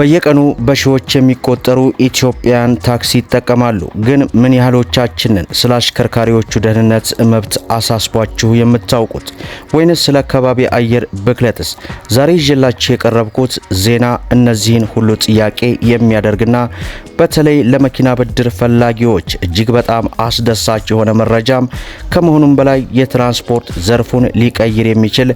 በየቀኑ በሺዎች የሚቆጠሩ ኢትዮጵያን ታክሲ ይጠቀማሉ። ግን ምን ያህሎቻችንን ስለ አሽከርካሪዎቹ ደህንነት መብት አሳስቧችሁ የምታውቁት ወይንስ ስለ ከባቢ አየር ብክለትስ? ዛሬ ይዤላችሁ የቀረብኩት ዜና እነዚህን ሁሉ ጥያቄ የሚያደርግና በተለይ ለመኪና ብድር ፈላጊዎች እጅግ በጣም አስደሳች የሆነ መረጃም ከመሆኑም በላይ የትራንስፖርት ዘርፉን ሊቀይር የሚችል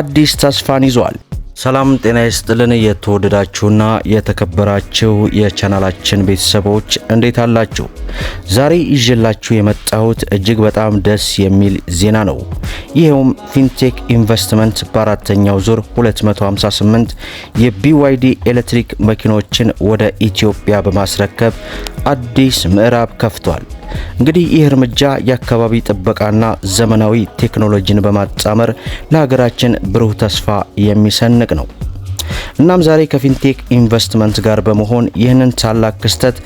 አዲስ ተስፋን ይዟል። ሰላም ጤና ይስጥልን። የተወደዳችሁና የተከበራችሁ የቻናላችን ቤተሰቦች እንዴት አላችሁ? ዛሬ ይዤላችሁ የመጣሁት እጅግ በጣም ደስ የሚል ዜና ነው። ይኸውም ፊንቴክ ኢንቨስትመንት በአራተኛው ዙር 258 የቢዋይዲ ኤሌክትሪክ መኪኖችን ወደ ኢትዮጵያ በማስረከብ አዲስ ምዕራፍ ከፍቷል። እንግዲህ ይህ እርምጃ የአካባቢ ጥበቃና ዘመናዊ ቴክኖሎጂን በማጣመር ለሀገራችን ብሩህ ተስፋ የሚሰንቅ ነው። እናም ዛሬ ከፊንቴክ ኢንቨስትመንት ጋር በመሆን ይህንን ታላቅ ክስተት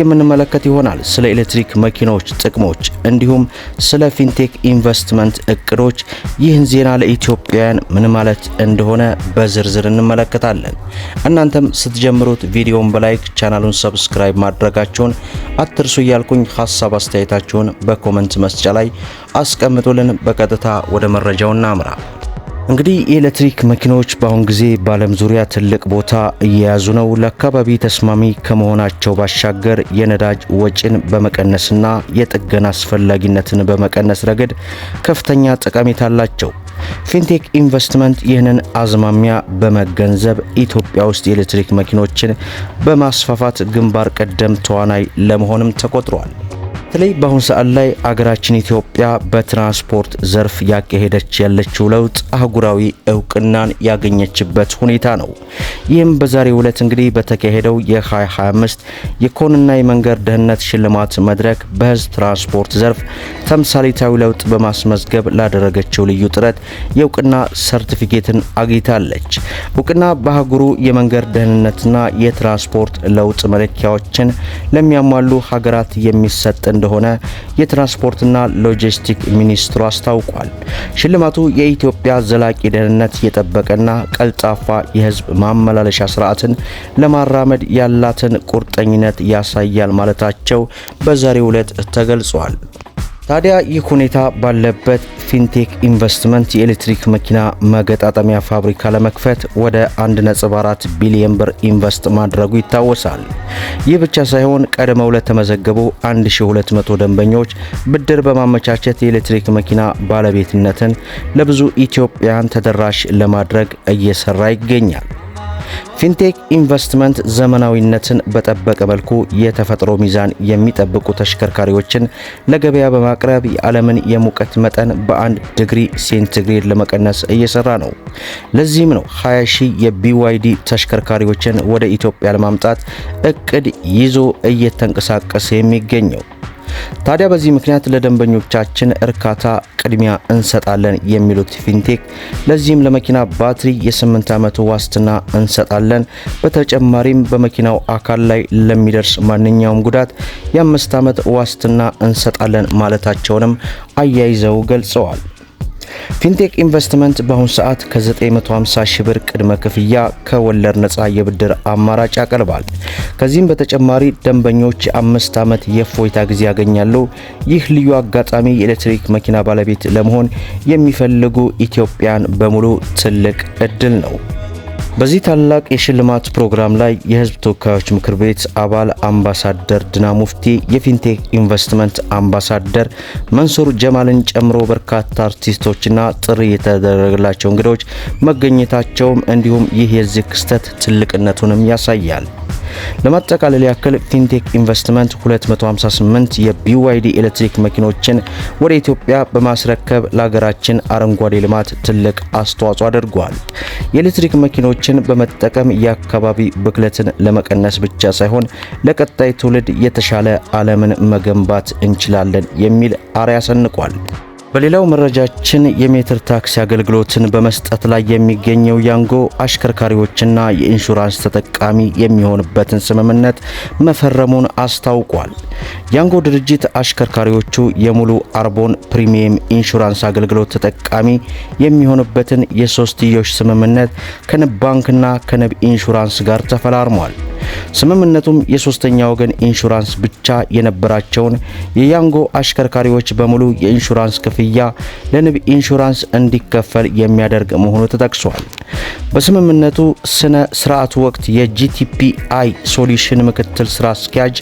የምንመለከት ይሆናል። ስለ ኤሌክትሪክ መኪናዎች ጥቅሞች፣ እንዲሁም ስለ ፊንቴክ ኢንቨስትመንት እቅዶች ይህን ዜና ለኢትዮጵያውያን ምን ማለት እንደሆነ በዝርዝር እንመለከታለን። እናንተም ስትጀምሩት ቪዲዮን በላይክ ቻናሉን ሰብስክራይብ ማድረጋችሁን አትርሱ እያልኩኝ ሀሳብ አስተያየታችሁን በኮመንት መስጫ ላይ አስቀምጡልን። በቀጥታ ወደ መረጃው እናምራ። እንግዲህ የኤሌክትሪክ መኪኖች በአሁን ጊዜ በዓለም ዙሪያ ትልቅ ቦታ እየያዙ ነው። ለአካባቢ ተስማሚ ከመሆናቸው ባሻገር የነዳጅ ወጪን በመቀነስና የጥገና አስፈላጊነትን በመቀነስ ረገድ ከፍተኛ ጠቀሜታ አላቸው። ፊንቴክ ኢንቨስትመንት ይህንን አዝማሚያ በመገንዘብ ኢትዮጵያ ውስጥ የኤሌክትሪክ መኪኖችን በማስፋፋት ግንባር ቀደም ተዋናይ ለመሆንም ተቆጥሯል። በተለይ በአሁኑ ሰዓት ላይ አገራችን ኢትዮጵያ በትራንስፖርት ዘርፍ ያካሄደች ያለችው ለውጥ አህጉራዊ እውቅናን ያገኘችበት ሁኔታ ነው። ይህም በዛሬው ዕለት እንግዲህ በተካሄደው የ2025 የኮንና የመንገድ ደህንነት ሽልማት መድረክ በህዝብ ትራንስፖርት ዘርፍ ተምሳሌታዊ ለውጥ በማስመዝገብ ላደረገችው ልዩ ጥረት የእውቅና ሰርቲፊኬትን አግኝታለች። እውቅና በአህጉሩ የመንገድ ደህንነትና የትራንስፖርት ለውጥ መለኪያዎችን ለሚያሟሉ ሀገራት የሚሰጥ እንደ እንደሆነ የትራንስፖርትና ሎጂስቲክ ሚኒስትሩ አስታውቋል። ሽልማቱ የኢትዮጵያ ዘላቂ ደህንነት የጠበቀና ቀልጣፋ የህዝብ ማመላለሻ ስርዓትን ለማራመድ ያላትን ቁርጠኝነት ያሳያል ማለታቸው በዛሬው ዕለት ተገልጿል። ታዲያ ይህ ሁኔታ ባለበት ፊንቴክ ኢንቨስትመንት የኤሌክትሪክ መኪና መገጣጠሚያ ፋብሪካ ለመክፈት ወደ 1.4 ቢሊዮን ብር ኢንቨስት ማድረጉ ይታወሳል። ይህ ብቻ ሳይሆን ቀድመው ለተመዘገቡ 1200 ደንበኞች ብድር በማመቻቸት የኤሌክትሪክ መኪና ባለቤትነትን ለብዙ ኢትዮጵያን ተደራሽ ለማድረግ እየሰራ ይገኛል። ፊንቴክ ኢንቨስትመንት ዘመናዊነትን በጠበቀ መልኩ የተፈጥሮ ሚዛን የሚጠብቁ ተሽከርካሪዎችን ለገበያ በማቅረብ የዓለምን የሙቀት መጠን በአንድ ዲግሪ ሴንቲግሬድ ለመቀነስ እየሰራ ነው። ለዚህም ነው 20 ሺህ የቢዋይዲ ተሽከርካሪዎችን ወደ ኢትዮጵያ ለማምጣት እቅድ ይዞ እየተንቀሳቀሰ የሚገኘው። ታዲያ በዚህ ምክንያት ለደንበኞቻችን እርካታ ቅድሚያ እንሰጣለን የሚሉት ፊንቴክ ለዚህም ለመኪና ባትሪ የ8 ዓመት ዋስትና እንሰጣለን። በተጨማሪም በመኪናው አካል ላይ ለሚደርስ ማንኛውም ጉዳት የአምስት ዓመት ዋስትና እንሰጣለን ማለታቸውንም አያይዘው ገልጸዋል። ፊንቴክ ኢንቨስትመንት በአሁኑ ሰዓት ከ950 ሺህ ብር ቅድመ ክፍያ ከወለድ ነፃ የብድር አማራጭ ያቀርባል። ከዚህም በተጨማሪ ደንበኞች የአምስት ዓመት የእፎይታ ጊዜ ያገኛሉ። ይህ ልዩ አጋጣሚ የኤሌክትሪክ መኪና ባለቤት ለመሆን የሚፈልጉ ኢትዮጵያን በሙሉ ትልቅ እድል ነው። በዚህ ታላቅ የሽልማት ፕሮግራም ላይ የህዝብ ተወካዮች ምክር ቤት አባል አምባሳደር ድና ሙፍቲ፣ የፊንቴክ ኢንቨስትመንት አምባሳደር መንሱር ጀማልን ጨምሮ በርካታ አርቲስቶችና ጥሪ የተደረገላቸው እንግዶች መገኘታቸውም እንዲሁም ይህ የዚህ ክስተት ትልቅነቱንም ያሳያል። ለማጠቃለል ያክል ፊንቴክ ኢንቨስትመንት 258 የቢዋይዲ ኤሌክትሪክ መኪኖችን ወደ ኢትዮጵያ በማስረከብ ለሀገራችን አረንጓዴ ልማት ትልቅ አስተዋጽኦ አድርጓል። የኤሌክትሪክ መኪኖችን በመጠቀም የአካባቢ ብክለትን ለመቀነስ ብቻ ሳይሆን ለቀጣይ ትውልድ የተሻለ ዓለምን መገንባት እንችላለን የሚል አርያ ሰንቋል። በሌላው መረጃችን የሜትር ታክሲ አገልግሎትን በመስጠት ላይ የሚገኘው ያንጎ አሽከርካሪዎችና የኢንሹራንስ ተጠቃሚ የሚሆንበትን ስምምነት መፈረሙን አስታውቋል። ያንጎ ድርጅት አሽከርካሪዎቹ የሙሉ አርቦን ፕሪሚየም ኢንሹራንስ አገልግሎት ተጠቃሚ የሚሆንበትን የሶስትዮሽ ስምምነት ከንብ ባንክና ከንብ ኢንሹራንስ ጋር ተፈራርሟል። ስምምነቱም የሶስተኛ ወገን ኢንሹራንስ ብቻ የነበራቸውን የያንጎ አሽከርካሪዎች በሙሉ የኢንሹራንስ ክፍያ ለንብ ኢንሹራንስ እንዲከፈል የሚያደርግ መሆኑ ተጠቅሷል። በስምምነቱ ስነ ስርዓት ወቅት የጂቲፒአይ ሶሉሽን ምክትል ስራ አስኪያጅ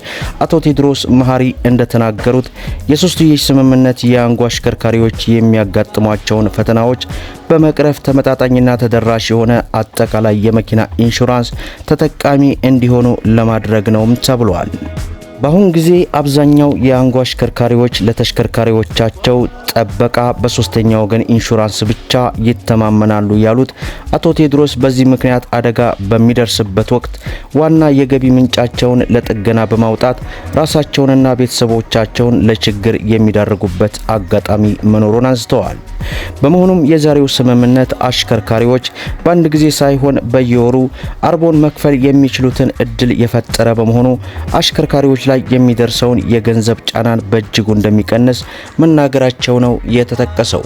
አቶ ቴድሮስ መሀሪ እንደተናገሩት የሶስትዮሽ ስምምነት የአንጓ አሽከርካሪዎች የሚያጋጥሟቸውን ፈተናዎች በመቅረፍ ተመጣጣኝና ተደራሽ የሆነ አጠቃላይ የመኪና ኢንሹራንስ ተጠቃሚ እንዲሆኑ ለማድረግ ነውም ተብሏል። በአሁን ጊዜ አብዛኛው የአንጎ አሽከርካሪዎች ለተሽከርካሪዎቻቸው ጠበቃ በሶስተኛ ወገን ኢንሹራንስ ብቻ ይተማመናሉ ያሉት አቶ ቴድሮስ በዚህ ምክንያት አደጋ በሚደርስበት ወቅት ዋና የገቢ ምንጫቸውን ለጥገና በማውጣት ራሳቸውንና ቤተሰቦቻቸውን ለችግር የሚዳርጉበት አጋጣሚ መኖሩን አንስተዋል። በመሆኑም የዛሬው ስምምነት አሽከርካሪዎች በአንድ ጊዜ ሳይሆን በየወሩ አርቦን መክፈል የሚችሉትን እድል የፈጠረ በመሆኑ አሽከርካሪዎች ላይ ላይ የሚደርሰውን የገንዘብ ጫናን በእጅጉ እንደሚቀንስ መናገራቸው ነው የተጠቀሰው።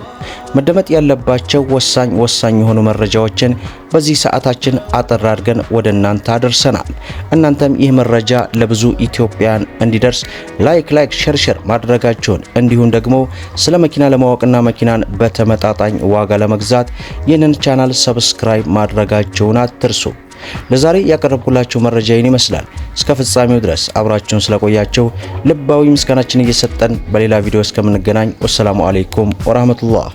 መደመጥ ያለባቸው ወሳኝ ወሳኝ የሆኑ መረጃዎችን በዚህ ሰዓታችን አጠር አድርገን ወደ እናንተ አደርሰናል። እናንተም ይህ መረጃ ለብዙ ኢትዮጵያን እንዲደርስ ላይክ ላይክ ሸርሸር ማድረጋችሁን እንዲሁም ደግሞ ስለ መኪና ለማወቅና መኪናን በተመጣጣኝ ዋጋ ለመግዛት ይህንን ቻናል ሰብስክራይብ ማድረጋችሁን አትርሱ። ለዛሬ ያቀረብኩላችሁ መረጃ ይህን ይመስላል። እስከ ፍጻሜው ድረስ አብራችሁን ስለቆያቸው ልባዊ ምስጋናችን እየሰጠን በሌላ ቪዲዮ እስከምንገናኝ ወሰላሙ አሌይኩም ወራህመቱላህ